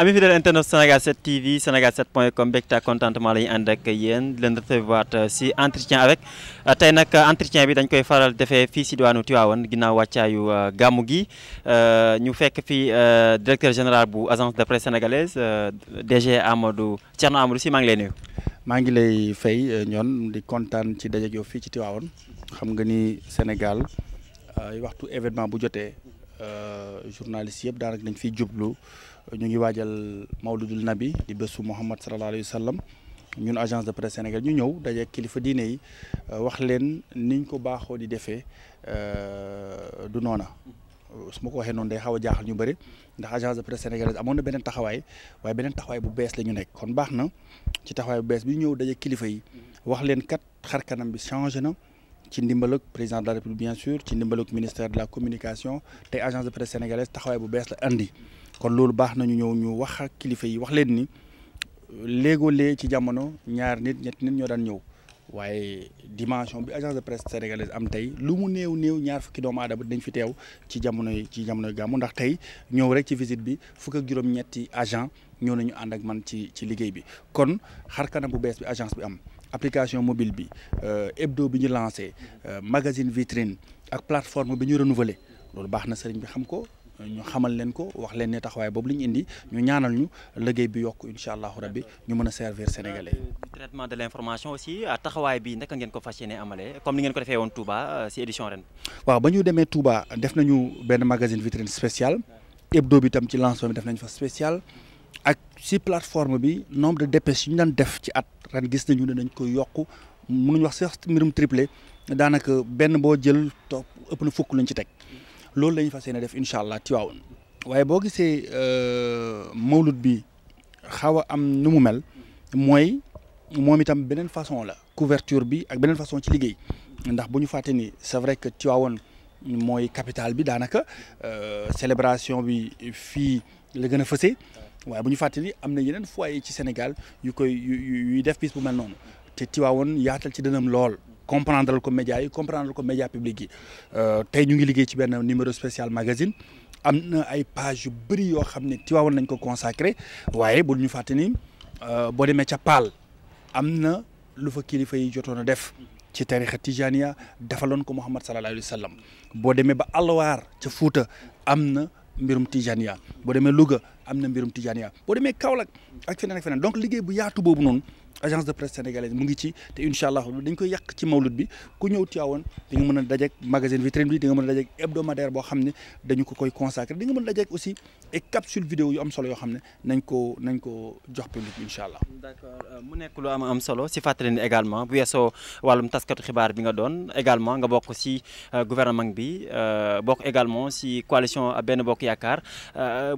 ami fidèle internet Sénégal 7 TV Sénégal 7 point com mbégte ak contentement ñu ànd ak yéen di leen recevoir si euh, entretien avec euh, tey nag euh, entretien bi dañ koy faral defee fii si diwaanu Tivaouane ginnaaw wàccaayu gàmmu gi ñu fekk fii directeur général bu agence de presse sénégalaise DG Amadou Thierno Amadou Sy maa ngi lay nuyu. maa ngi lay fay ñoon di kontaan ci daje yow fii ci Tivaouane xam nga ni Sénégal waxtu événement bu jotee journaliste yëpp daanaka dañ fiy jublu. ñu ngi waajal mawludul nabi di bésu Muhammad sallallahu alayhi wa sallam ñun agence de presse ñu ñëw daje kilifa diine yi euh, wax leen niñ ko baaxoo di defee euh, du noona su ma ko waxee noonu day xaw a jaaxal ñu bëri ndax agence de presse sénégalaise amoon na beneen taxawaay waaye beneen taxawaay bu bees la ñu nekk kon na ci taxawaay bu bees bi ñëw daje kilifa yi wax leen kat xar kanam bi changé na ci ndimbalug président de la république bien sûr ci la communication agence de presse sénégalaise bu bees la andi kon loolu baax nañu ñëw ñu wax ak kilifa yi wax leen ni léegoo lee ci jamono ñaar nit ñetti nit ñoo daan ñëw waaye dimension bi agence de presse sénégalaise am tey lu mu néew néew ñaar fukki doomu aadama dañ fi teew ci jamono yi ci jamono gàmmu ndax tey ñëw rek ci visite bi fukk ak juróom-ñetti agent ñëw nañu ànd ak man ci ci liggéey bi kon xar kanam bu bees bi agence bi am application mobile bi euh, hebdo bi ñu lancé euh, magasine vitrine ak plateforme bi ñu renouvelé loolu baax na sëriñ bi xam ko ñu xamal leen ko wax leen ne taxawaay boobu li ñu indi ñu ñaanal ñu liggéey bi yokk incha allahu rabbi ñu mën a servir sénégalais yi. Euh, de l' information aussi euh, taxawaay bi naka ngeen ko fas yéene amalee comme ni ngeen ko defee woon Touba euh, si édition ren. waaw ba ñu demee Touba def nañu benn magasin vitrine spécial hebdo bi tam ci lancement bi def nañ fa spécial ak si plateforme bi nombre de dépêches yu ñu daan def ci at ren gis nañu de dañ koy yokk mënuñ wax sax mbirum triplé daanaka benn boo jël topp ëpp na fukk lañ ci teg. loolu la ñu fas yéene def incha allah Tivaouane waaye boo gisee euh, mawlud bi xaw a am nu mu mel mooy moom itam beneen façon la couverture bi ak beneen façon ci liggéey ndax bu ñu fàtte ni c'est vrai que Tivaouane mooy capital bi daanaka euh, célébration bi fii la gën a fësee waaye bu ñu fàtte ni am na yeneen foyer ci Sénégal yu koy yu yuy def bis bu mel noonu te Tivaouane yaatal ci dënam lool. comprendre ko média yi comprendre ko média public yi euh, tey ñu ngi liggéey ci benn numéro spécial magasin am na ay page yu bëri yoo xam ne Tivaouane nañ ko consacré waaye bu ñu fàtte ni euh, boo demee ca Paal am na lu fa kilifa yi jotoon a def ci tarixa Tijaniya defaloon ko Muhammad sallallahu alayhi wa sallam boo demee ba Alwaar ca Fuuta am na mbirum Tijaniya boo demee Louga am na mbirum Tijaniya boo demee Kaolack ak feneen ak feneen donc liggéey bu yaatu boobu noonu. agence de presse sénégalaise mu ngi ci te incha allah dañ koy yàq ci mawlud bi ku ñëw Tiwaawoon di nga mën a dajeeg vitrine bi di nga mën a dajeeg hebdomadaire boo xam ne dañu ko koy consacré di nga mën a dajeeg aussi ay capsule vidéo yoo xam ne nañ ko nañ ko jox public bi incha allah. Euh, mu nekk lu am am solo si fàttali ni également bu weesoo wàllum tasket xibaar bi nga doon également nga bokk si euh, gouvernement bi euh, bokk également si coalition benn bokk yaakaar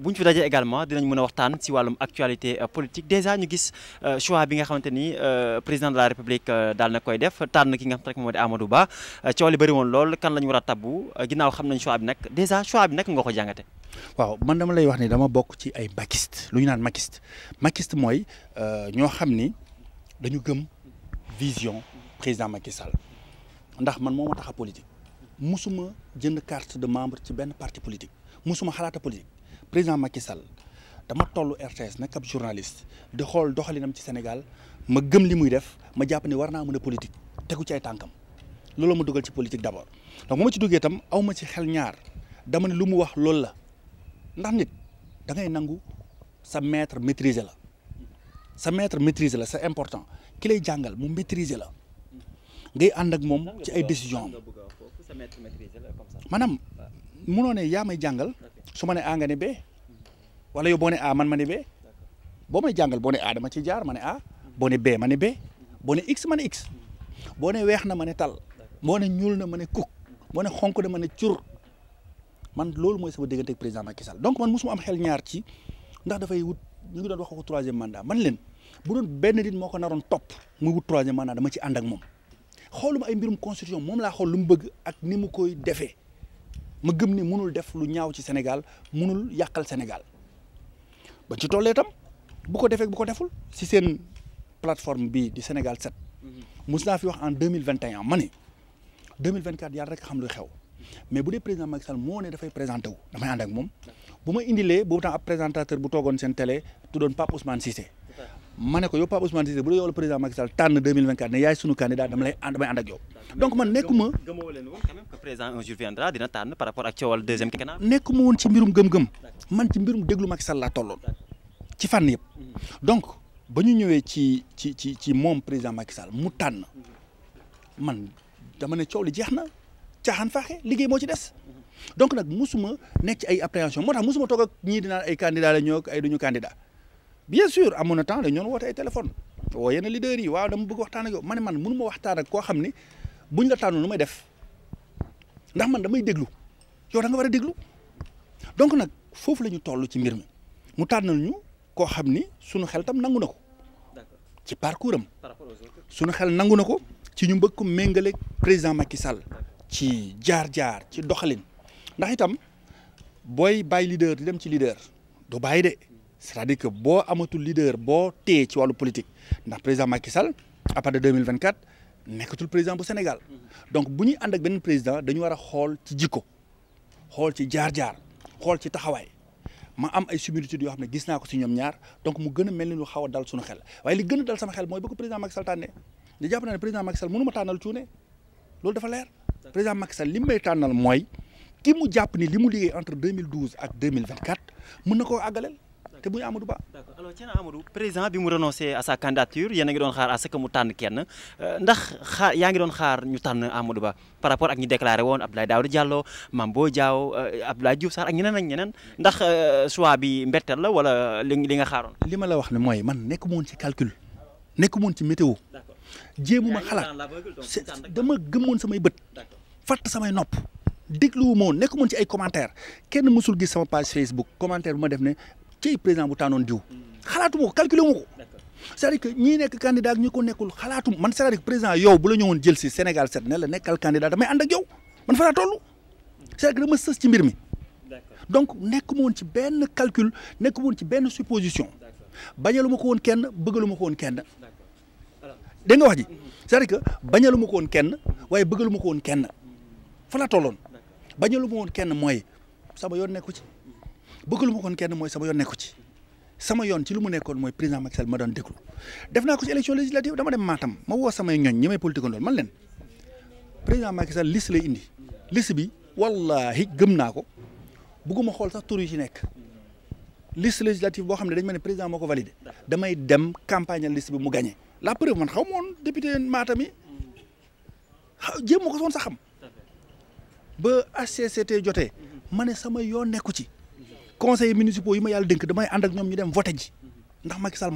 bu ñu fi dajee également dinañ mën a waxtaan si wàllum actualité politique déjà ñu gis choix bi nga xamante xamante ni euh, président de la république euh, daal na koy def tànn ki nga xam rek moo di Amadou Ba euh, coow li bëri woon lool kan la ñu war a tabbu ginnaaw xam nañ choix bi nag dèjà choix bi nag nga ko jàngate. waaw man dama lay wax ni dama bokk ci ay makiste lu ñu naan makiste makiste mooy ñoo xam ni dañu gëm vision président Macky Sall ndax man moo ma tax a politique musuma jënd carte de membre ci benn parti politique musuma xalaata politique président Macky Sall dama toll RTS nag ab journaliste di xool doxalinam ci Sénégal ma gëm li muy def ma jàpp ne war naa mën a politique tegu ci ay tànkam loolu ma dugal ci politique d'abord donc bu ci duggee tam aw ma ci xel ñaar dama ne lu mu wax loolu la ndax nit da nangu sa maître maîtriser la sa maître maîtriser la sa important ki lay jàngal mu maîtriser la ngay ànd ak moom ci ay décision maanaam munoo ne yaa may jàngal su ma ne A nga ne B wala yow boo ne A man ma ne B boo may jàngal boo ne A dama ciy jaar ma ne A boo ne bee ma ne bee boo ne x ma ne x boo ne weex na ma ne tal boo ne ñuul na ma ne kuk boo ne xonk na ma ne cur man loolu mooy sama diggante ak président Macky Sall donc man mosuma am xel ñaar ci ndax dafay wut ñu ngi doon wax ko troisième mandat man leen bu doon benn nit moo ko naroon topp muy wut troisième mandat dama ci ànd ak moom xooluma ay mbirum constitution moom laa xool lu mu bëgg ak ni mu koy defee ma gëm ni mënul def lu ñaaw ci Sénégal mënul yàqal Sénégal plateforme bi di Sénégal 7 mus naa fi wax en deux mille vingt et un ma ne deux mille vingt quatre yàlla rek xam lu xew mais bu dee président Macky moo ne dafay présenté damay ànd moom bu ma indilee boobu tam ab présentateur bu toogoon seen télé tuddoon Pape Ousmane Cissé ma ne ko yow Pape Ousmane Cissé bu dee yow la président Macky Sall tànn 2024 ne yaay sunu candidat dama lay damay ànd ak yow. donc man nekkuma gëmoo leen ci mbirum gëm-gëm man ci mbirum déglu Macky Sall tolloon ci fànn yëpp ba ñu ñëwee ci ci ci ci moom président Macky Sall mu tànn man dama ne coow li jeex na caaxaan faaxe liggéey moo ci des donc nag musuma nekk ci ay appréhension moo tax musuma toog ak ñii dina ay candidat la ñoo ay duñu candidat bien sûr amoon na temps dañu doon woote ay téléphone woo yenn yi waaw dama bëgg waxtaan ak yow ma ne man mënu ma waxtaan ak koo xam ne buñ la tànn lu may def ndax man damay déglu yow da nga war a déglu donc nag foofu la ñu toll ci mbir mi mu tànnal ñu koo xam ni sunu xel tam nangu na ci parcours am suñu xel nangu na ko ci ñu bëgg ko méngale président Macky Sall ci jaar-jaar ci doxalin ndax itam booy bàyyi leader di dem ci leader du bàyyi de c'est-à-dire que boo amatul leader boo téye ci wàllu politique ndax président Macky Sall à partir de 2024 nekkatul président bu Sénégal mm-hmm. donc bu ñuy ànd ak benn président dañu war a xool ci jikko xool ci jaar-jaar xool ci taxawaay ma am ay similitudes yoo xam ne gis naa ko si ñoom ñaar donc mu gën a mel ni lu xaw a dal suñu xel waaye li gën a dal sama xel mooy bëgg président Macky Sall li jàpp naa ne président Macky Sall ma tànnal cuune loolu dafa leer président Macky li may tànnal mooy ki mu jàpp ni li mu liggéey entre 2012 ak 2024 mën na koo àggaleel te bu ñu Amadou Ba. d'accord alors Thierno Amadou président bi mu renoncé a sa candidature yéen a ngi doon xaar à ce que mu tànn kenn euh, ndax yaa ngi doon xaar ñu tànn Amadou Ba par rapport ak ñi déclaré woon Abdoulaye Daouda Diallo Mame Boye Diao euh, Abdoulaye Diouf Sarr ak ñeneen ak ñeneen ndax euh, choix bi la wala li nga xaaroon. li ma la wax ne mooy man nekk moon ci calcul nekk moon ci météo jéemuma xalaat dama gëmoon samay bët fàtt samay nopp dégluwu ma woon nekk moon ci a commentaires kenn mësul gis sama page Facebook commentaire bu ma def ne ci président bu tànnoon diw xalaatuma ko calculé wu ma ko cest à ñii nekk candidat ak ñi ko nekkul xalaatu man cest à président yow bu la ñëwoon jël si Sénégal set ne la nekkal candidat damay ànd ak yow man fa laa toll c'est-à-dire ci mbir mi donc nekk ma woon ci benn calcul nekk woon ci benn supposition bañalu ma ko woon kenn bëggalu ma ko woon kenn dénga wax ji mhm. sa à dire que ko woon kenn waaye bëggalu ma ko woon kenn fa laa tolloon bañalu ma woon kenn mooy sama yoon nekku ci bëggalu ma koon kenn mooy sama yoon nekk ci yoon ci lu mu nekkoon mooy président Macky Sall ma doon déglu def naa ko ci élection législative dama dem Matam président Macky Sall liste lay indi liste bi wallahi gëm naa ko bëgguma xool sax tur yu ci nekk liste législative boo xam ne dañ ma ne président moo ko validé damay dem campagne liste bi mu gagné la ma woon député Matam yi xaw jéem ma ko woon sax xam ba HCCT jotee ma ne sama yoon nekk ci. conseillers municipaux yi ma yàlla damay ànd ñoom ñu dem voté ndax Macky Sall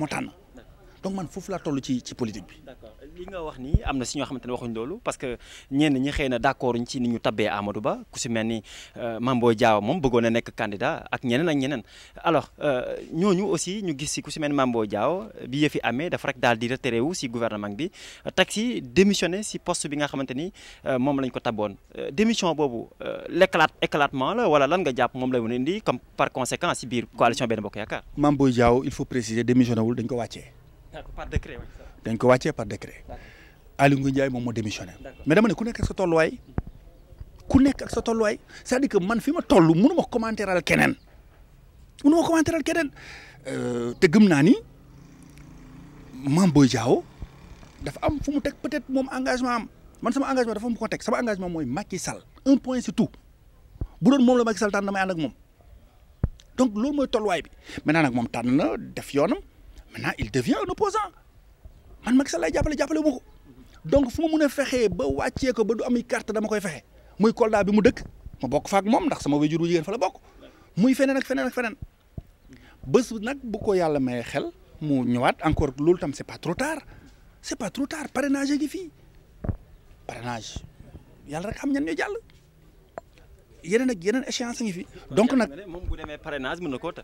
donc man foofu laa tollu ci ci politique bi. d'accord li nga wax nii am na si ñoo xamante ne waxuñ loolu parce que ñenn ñi xëy na d'accord ñu ci ni ñu tabbee Amadou Ba ku si mel ni euh, Mame jaaw moom bëggoon a nekk candidat ak ñeneen ak ñeneen alors euh, ñooñu aussi ñu gis si ku si mel ni Mame Boye Diao bi yëfi amee dafa rek daal di retiré wu si guvernement bi teg si démissionné si post bi nga xamante ni euh, moom lañ ko taboon démission boobu l'éclat éclatement la wala lan nga la woon indi comme par conséquent si biir coalition Benno Bokk Yaakaar. Mame Boye Diao il faut préciser démissionné par décret dañ ko wàccee par décret Aly Ngouille Ndiaye moom moo démissionné mais dama ne ku nekk ak ay tolluwaay ku nekk ak sa tolluwaay cest dire que man fi ma toll mënu ma commenter al keneen mënu ma commenter keneen euh, te gëm naa ni Mame Boye Diao dafa am fu mu teg peut-être moom engagement am man sama engagement dafa mu ko teg sama engagement mooy Macky Sall un point c'est tout bu doon moom la Macky Sall tànn damay ànd ak moom donc loolu mooy tolluwaay bi maintenant nag moom tànn na def yoonam. maintenant il devient un opposant man Macky Sall lay jàppale jàppale ma donc fu ma mun a fexee ba wàccee ko ba du am carte dama koy fexe muy Kolda bi mu dëkk ma bokk fa moom ndax sama wéjur wu jigéen fa la bokk muy feneen ak feneen ak feneen bés nag bu ko yàlla mayee xel mu ñëwaat encore loolu tam c'est pas trop tard c'est pas trop tard parrainage gi fii parrainage yàlla rek xam ñan ñoo jàll yeneen ak yeneen échéance ngi fi. donc nag moom bu demee parrainage mën na koo ta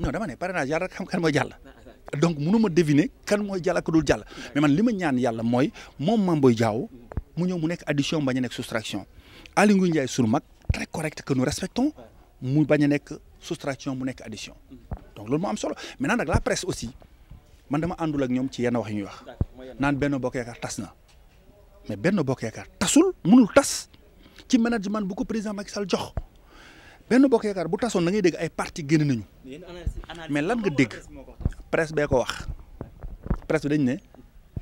non dama ne parrainage yàlla rek xam kan mooy jàll. Ah, donc ma deviner kan mooy jàll ak dul jàll mais man li ma ñaan yàlla mooy moom Mame Boye Diao mu ñëw mu nekk addition bañ a nekk soustraction Aly Ngouille Ndiaye sunu mag très correct que nu respectons mu bañ a nekk soustraction mu nekk addition donc loolu moo am solo maintenant nag la presse aussi man dama àndul ak ñoom ci yenn wax yu ñuy wax naan Benno Bokk Yaakaar tas na mais Benno Bokk Yaakaar tasul mënul tas ci management bu ko président Macky Sall jox. benn bokk yaakaar bu tasoon da ngay dégg ay parti génn nañu mais lan nga dégg presse bee ko wax presque bi dañ ne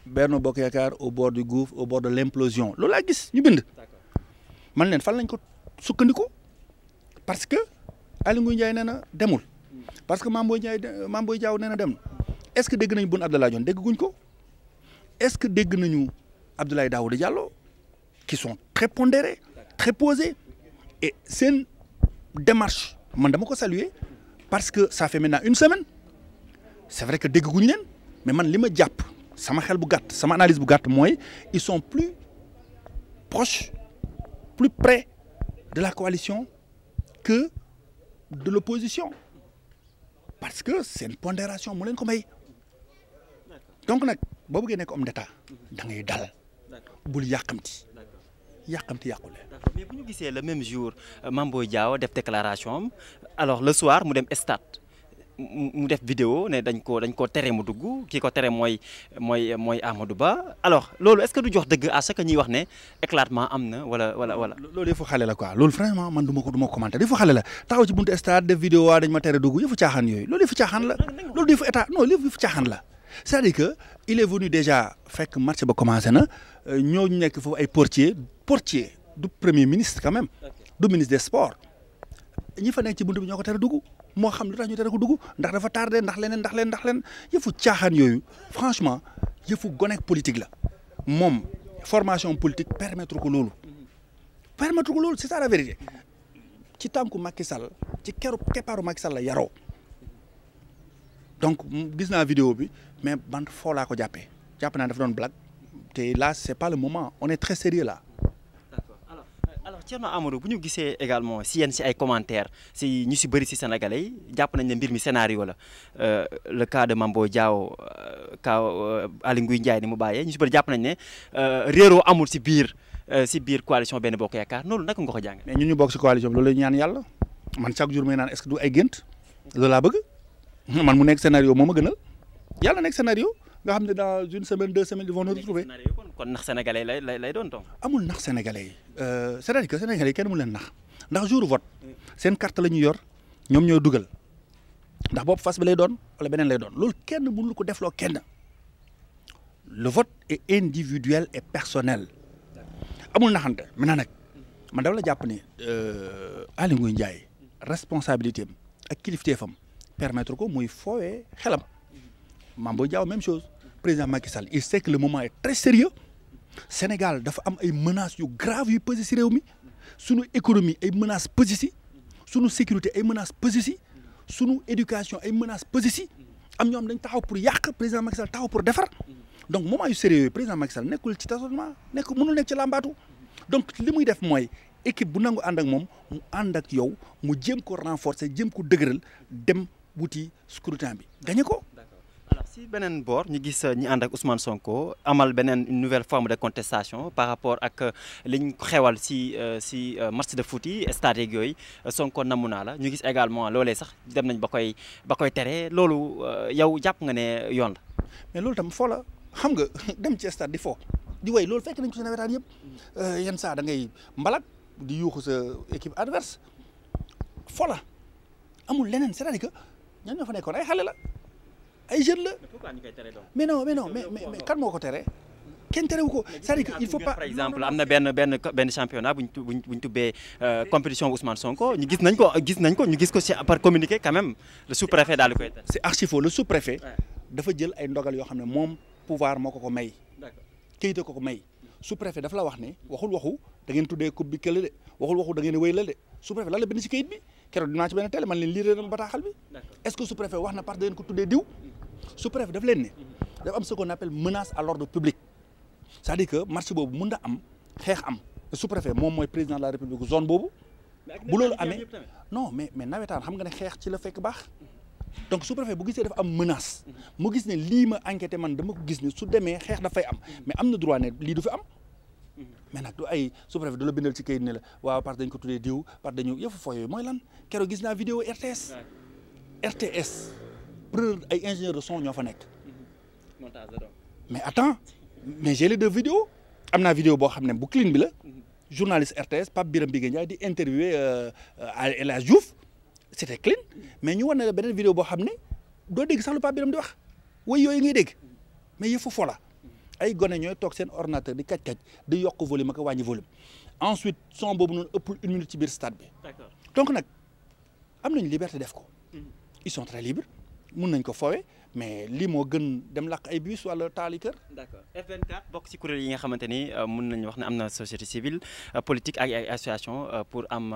benn bokk yaakaar au bord du gouffre au bord de l'implosion loolu laa gis ñu bind man leen fan lañ ko sukkandiku parce que Aly Ngouille Ndiaye nee na demul mm. parce que Mame Boye Ndiaye Mame Boye Diao nee na dem est-ce que dégg nañ Boun Abdallah Dionne dégg guñ ko est-ce que dégg nañu Abdoulaye Daouda Diallo qui sont très pondérés très posés et seen démarche man dama ko saluer parce que ça fait maintenant une semaine c'est vrai que dégguñu leen mais man li ma jàpp sama xel bu gàtt sama analyse bu gàtt mooy ils son plus proche plus près de la coalition que de l'opposition parce que seen pondération mu leen ko may donc nag boo bëggee nekk homme d'état da ngay dal bul yàqamti yàqamti yàqule. d'accord mais bu ñu gisee le même jour euh, Mame Boye Diao def déclaration am la le soir mu dem stade mu def vidéo ne dañ ko dañ ko tere mu dugg kii ko tere mooy mooy mooy Amadou Ba alors loolu est-ce que du jox dëgg à ce que wax ne éclatement am na wala wala wala. loolu yëfu xale la quoi loolu vraiment man du ma ko du ma ko commenté yëfu xale la taxaw ci buntu stade def vidéo waa dañ ma tere dugg yëfu caaxaan yooyu loolu yëfu caaxaan la. loolu yëfu caaxaan la. c'est-à-dire que il est venu déjà fekk marché ba commencé na euh, ñooñu nekk foofu ay portier portier du premier ministre quand même du ministre des sports ñi fa nekk ci buntu bi ñoo ko tere dugg moo xam lu tax ñu tere ko dugg ndax dafa tardé ndax leneen ndax leen ndax leen yëfu caaxaan yooyu franchement yëfu gonek politique la moom formation politique permettre ko loolu permettre ko loolu c'est ça la vérité ci tànku Macky Sall ci keru keppaaru Macky Sall la yaroo donc gis naa vidéo bi mais bant foo laa ko jàppee jàpp naa dafa doon blague te là c'est pas le moment on est très sérieux là. d'accord alors euh, alors bu ñu gisee également si yenn si ay commentaires si ñu si bëri si sénégalais jàpp nañ ne mbir mi scénario la euh, le cas de Mambo Diao euh, cas Aly Ngouille Ndiaye ni mu bàyyee ñu si bëri jàpp nañ ne réeroo amul si biir si biir coalition benn bokk yaakaar noonu naka nga ko jàngee. mais ñun ñu bokk si coalition bi loolu ñu ñaan yàlla man chaque jour may ay gént Hmm, man mu nekk scénario moo ma gënal yàlla nekk scénario nga xam ne dans une semaine deux semaines ils vont nous retrouver kon nax sénégalais lay lay lay doon toog. amul nax sénégalais yi euh, c'est-à-dire kenn mu leen nax ndax jour vote seen carte la ñu yor ñoom ñoo dugal ndax boobu fas bi lay doon wala beneen lay doon loolu kenn mënul ko defloo kenn le vote est individuel et personnel amul naxante maintenant nag man dafa la jàpp ni euh, Aly Ngouille Ndiaye responsabilité ak ak fam permettre ko muy foowee xelam Mame Boye Diao même chose président Macky Sall il sait que le moment est très sérieux Sénégal dafa am ay menaces yu grave yu pesé si réew mi sunu économie ay menaces pesé si sunu sécurité ay menaces pesé si sunu éducation ay menaces pesé si am ñoo xam dañ taxaw pour yàq président Macky Sall taxaw pour defar donc moment yu sérieux président Macky Sall nekkul ci tâtonnement nekk mënul nekk ci làmbaatu donc li muy def mooy équipe bu nangu ànd ak moom mu yow mu wuti scrutin bi dañu ko. si beneen boor ñu gis euh, ñu ànd ak Ousmane Sonko amal beneen une nouvelle forme de contestation par rapport ak euh, li ñu xewal si si euh, match de foot yi yooyu Sonko namu naa la ñu gis également loolee sax dem nañ ba koy ba koy tere loolu yow jàpp nga ne yoon la. mais loolu tam foo xam nga dem ci stade di fo di way loolu fekk nañ ko si nawetaan yëpp yenn saa da ngay mbalat di yuuxu sa équipe adverse fo amul leneen c'est-à-dire ñan ñoo fa nekkoon ay xale la ay jeunes la. mais non mais non mais mais kan moo ko tere. kenn terewu ko c'est-à-dire que il faut pas. exemple am na benn benn benn championnat bu ñu bu ñu tubbee euh, compétition Ousmane Sonko ñu gis nañ ko gis nañ ko ñu gis ko si par communiqué quand même le sous-préfet daal di koy tere. c'est archi dafa jël ay ndogal yoo xam ne moom pouvoir moo ko ko may. d'accord ko ko may. sous-préfet dafa la wax ne waxul waxu da ngeen tuddee coupe bi kële de waxul waxu da ngeen wéy la de sous-préfet lan la si kayit bi. keroog dinaa ci benn télé man leen lire na bataaxal bi est-ce que sous-préfet wax na parce que da ngeen ko tuddee diw sous-préfet daf leen ne dafa am ce qu'on appelle menace à l'ordre public c'est-à-dire que marché boobu mën na am xeex am sous-préfet moom mooy président de la république zone boobu bu loolu amee non mais mais nawetaan xam nga ne xeex ci la fekk baax donc sous-préfet bu gisee dafa am menace mhm. mu gis ne lii ma enquêté man dama ko gis ne su demee xeex dafay am mhm. mais am na droit ne lii du fi am mais nag du ay sous-préfet du la bindal ci kayit ne la waaw par dañ ko tuddee diw par dañu yëfu foo yooyu mooy lan keroog gis naa vidéo RTS RTS preuve ay ingénieur de son ñoo fa nekk mm-hmm. mais attends mais j'ai les deux am naa vidéo boo xam ne bu clean bi la mm-hmm. journaliste RTS Pape Biram Bigué Ndiaye di interviewé euh, El Hadj Diouf c'était clean mm-hmm. mais ñu war na la beneen vidéo boo xam ne doo dégg sax lu Pape Biram di wax way yooyu ngay dégg mais yëfu fo la ay gone ñooy toog seen ordinateur di kaj-kaj di yokk volume ak wàññi volume ensuite son boobu noonu ëppul une minute ci biir stade bi donc nag am nañ liberté def ko mhm. ils sont très libres mun nañ ko fowe mais lii moo gën dem lakk ay bus wala taali kër. bokk ci kuréel yi nga xamante ni euh, mën nañu wax ne am na société civile euh, politique ak ay association euh, pour am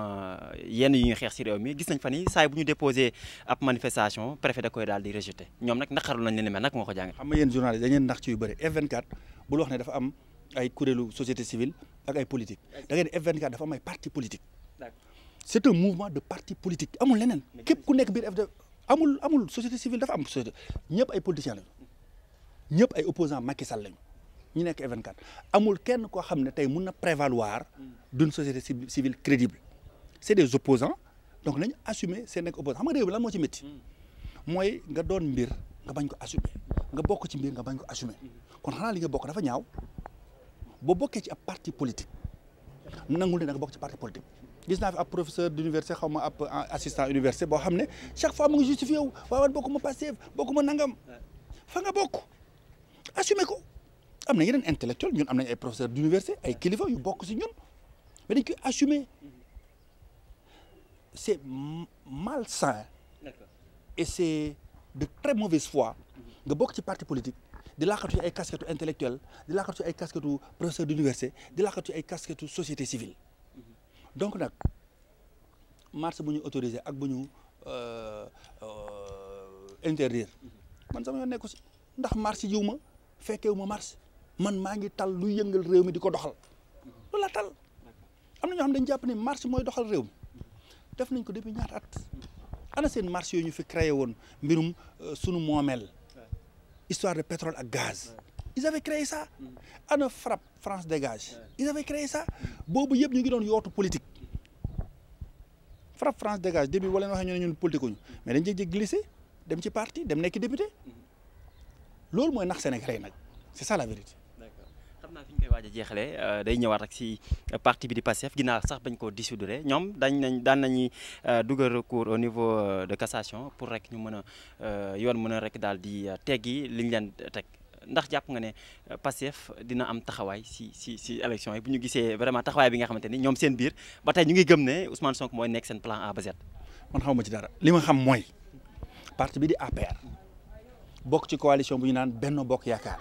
yenn yu ñuy xeex ci réew mi gis nañ fa ni saa bu ñu déposé ab manifestation préfet da koy daal di rejeté ñoom nag naqarul nañ leen mel nag moo ko jàng. xam nga yéen journaliste dañu leen nax ci yu bëri F24 bul wax ne dafa am ay kuréelu société civile ak ay politique da ngeen F24 dafa am ay parti politique. c'est amul leneen. amul amul société civile dafa am société ñëpp ay politiciens lañu ñëpp ay opposants Macky Sall lañu ñu nekk F24 amul kenn koo xam ne tey mun na prévaloir d'une société civile crédible c'est des opposants donc nañu assumer seen nekk opposant xam nga réew bi lan moo ci métti mooy nga doon mbir nga bañ ko assumer nga bokk ci mbir nga bañ ko assumer kon xanaa li nga bokk dafa ñaaw boo bokkee ci ab parti politique nangul ne da nga bokk ci parti politique gis naa fi ab professeur d' université xaw ma ab ah, assistant université boo xam ne chaque fois mu ngi justifié wu waaw waaw bokkuma Pastef bokkuma nangam fa nga bokk assumé ko am na yeneen intellectuel ñun am nañ ay professeur d' université ay kilifa yu bokk si ñun mais dañ koy assumé mm-hmm. c' est malsain et c' est de très mauvaise foi mm-hmm. nga bokk ci parti politique di laaxatu si ay casquettes intellectuelles di laaxatu ci ay casquettes professeur d' université di laaxatu ay casquettes société civile donc nag marche bu ñu autorisé ak bu ñu euh, euh, interdire man sax yoon nekku si ndax marche jiw ma fekkewu ma marche man maa ngi tal lu yëngal réew mi di ko doxal loolu la tal am na ñoo xam dañu jàpp ne marche mooy doxal réew mi def nañ ko depuis ñaata at ana seen marché yooyu ñu fi créer woon mbirum euh, sunu moomeel histoire de pétrole ak gaz ils avaient créé ça mm. ana FRAPP France dégage ils avaient créé ça boobu yëpp ñu ngi doon yootu politique FRAPP France dégage début wala waxee ñu ne ñun politikuñu mais dañ jékki-jékki glissé dem ci parti dem nekk député mm-hmm. loolu mooy nax Sénégalais nag c'est ça la vérité. xam naa fi ñu koy waaj a jeexalee euh, day ñëwaat ak si euh, parti bi di Pastef ginaa sax bañ koo dissoudre ñoom dañ nañ daan nañuy euh, dugal recours au niveau de cassation pour rek ñu mën a yoon mën a rek daal di teggi li ñu leen teg ndax jàpp nga ne euh, Pastef dina am taxawaay si si si élection yi bu ñu gisee vraiment taxawaay bi nga xamante ni ñoom seen biir ba tey ñu ngi gëm ne Ousmane Sonko mooy nekk seen plan A ba Z. man ma ci dara li ma xam mooy parti bi di APR bokk ci coalition bu ñu naan benn Bokk Yaakaar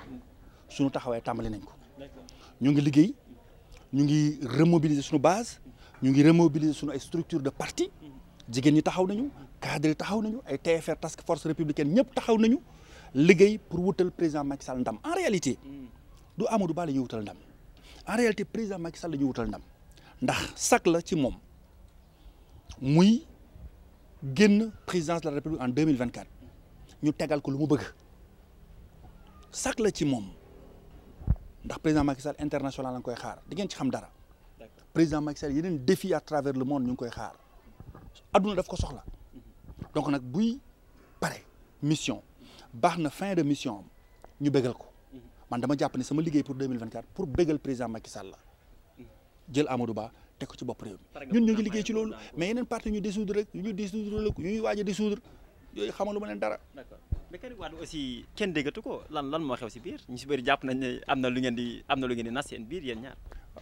suñu taxawaay tàmbali nañ ko ñu ngi liggéey ñu ngi remobiliser suñu base ñu ngi remobiliser suñu ay structure de parti jigéen ñi taxaw nañu cadre yi taxaw nañu ay TFR task force ñëpp taxaw nañu. liggéey pour wutal président Macky ndam en réalité du Amadou Ba la wutal ndam en réalité président Macky la ñuy wutal ndam ndax sax la ci moom muy génn présidence de la république en deux mille vingt quatre ñu tegal ko lu mu bëgg sax la ci moom ndax président Macky international la koy xaar di ngeen ci xam dara. président Macky Sall yeneen défi à travers le monde ñu ngi koy xaar adduna daf ko soxla mhm. donc nag buy pare mission. baax na fin de mission am ñu bégal ko mm-hmm. man dama jàpp ne sama liggéey pour 2024 pour bégal président Macky Sall la mm-hmm. jël Amadou Ba teg ko ci bopp réew mi ñun liggéey ci loolu mais yeneen parti ñu dissoudre rek ñu waaj a dissoudre yooyu xamalu leen dara. d'accord mais aussi kenn déggatu ko lan lan moo xew si biir ñu jàpp nañ ne am na ngeen di am na lu ngeen di nas seen biir yéen ñaar.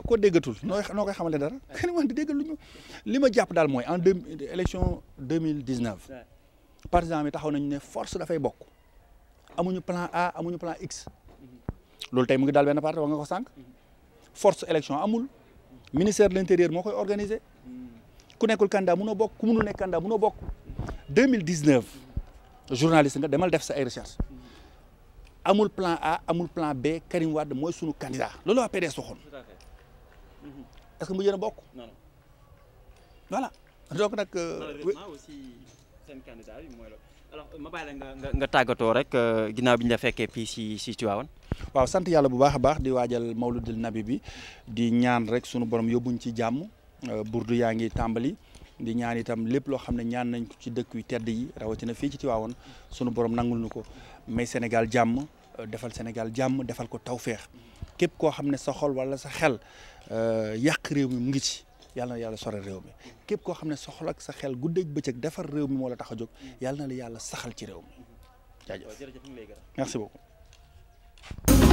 ko déggatul noo noo koy xamale dara. Karim Wade li ma jàpp daal mooy en deux élection 2019 partisan bi taxaw nañ ne force dafay bokk. amuñu plan A amuñu plan X loolu tey mu ngi daal benn parti wax nga ko sànq force élection amul ministère de l'intérieur moo koy organiser ku nekkul candidat munoo bokk ku munul nekk candidat munoo bokk 2019 journaliste nga demal def sa ay recherche amul plan A amul plan B Karim Wade mooy sunu candidat loolu waa PDS waxoon est que mu yéen a bokk. voilà donc nag. Euh, malheureusement aussi seen alors ma bàyyi nga nga tàggatoo rek euh, ginnaaw bi ñu la fekkee fii si si Tivaouane. waaw sant yàlla bu baax a baax di waajal mawludil nabi bi di ñaan rek sunu borom yóbbuñ ci jàmm euh, burdu yaa ngi tàmbali. di ñaan itam lépp loo xam ne ñaan nañ ko ci dëkk yu tedd yi rawatina fii ci Tiwaawoon sunu borom nangul ñu ko may Sénégal jàmm euh, defal Sénégal jàmm defal ko tawféex képp koo xam ne sa xol wala sa xel yàq réew mi mu ngi ci yàlla na yàlla sore réew mi képp koo xam ne soxla ak sa xel guddeeg bëccëg defar réew mi moo la tax a jóg yàlla na la yàlla saxal ci réew mi jaajëf merci beaucoup